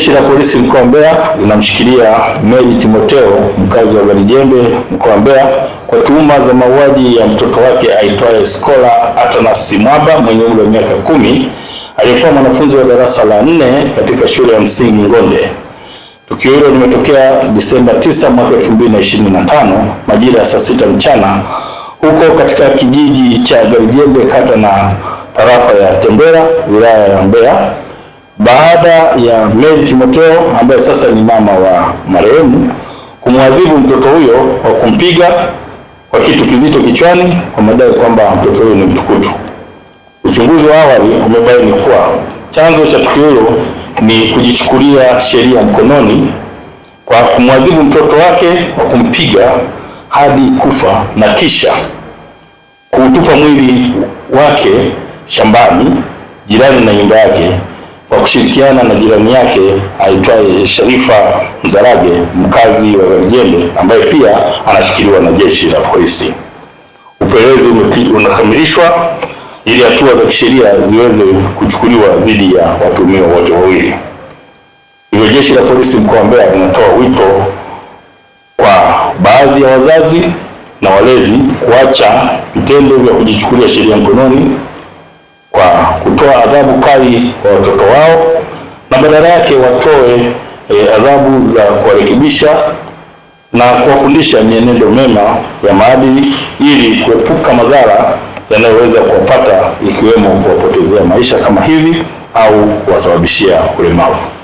Jeshi la Polisi mkoa wa Mbeya linamshikilia meri timoteo mkazi wa Garijembe mkoa wa Mbeya kwa tuhuma za mauaji ya mtoto wake aitwaye Scola Athanas Mwaba mwenye umri wa miaka kumi aliyekuwa mwanafunzi wa darasa la nne katika shule ya msingi Ngonde. Tukio hilo limetokea Disemba 9 mwaka 2025 majira ya saa sita mchana huko katika kijiji cha Garijembe kata na tarafa ya tembera wilaya ya Mbeya baada ya Mary Timotheo ambaye sasa ni mama wa marehemu kumwadhibu mtoto huyo kwa kumpiga kwa kitu kizito kichwani kwa madai kwamba mtoto huyo ni mtukutu. Uchunguzi wa awali umebaini kuwa chanzo cha tukio hilo ni kujichukulia sheria mkononi kwa kumwadhibu mtoto wake kwa kumpiga hadi kufa na kisha kuutupa mwili wake shambani jirani na nyumba yake kwa kushirikiana na jirani yake aitwaye Sharifa Mzarage mkazi wa Garijembe ambaye pia anashikiliwa na jeshi la polisi. Upelelezi unakamilishwa ili hatua za kisheria ziweze kuchukuliwa dhidi ya watuhumiwa wote wawili. Hivyo jeshi la polisi mkoa wa Mbeya linatoa wito kwa baadhi ya wazazi na walezi kuacha vitendo vya kujichukulia sheria mkononi kutoa adhabu kali kwa watoto wao na badala yake watoe e, adhabu za kuwarekebisha na kuwafundisha mienendo mema ya maadili ili kuepuka madhara yanayoweza kuwapata ikiwemo kuwapotezea maisha kama hivi au kuwasababishia ulemavu.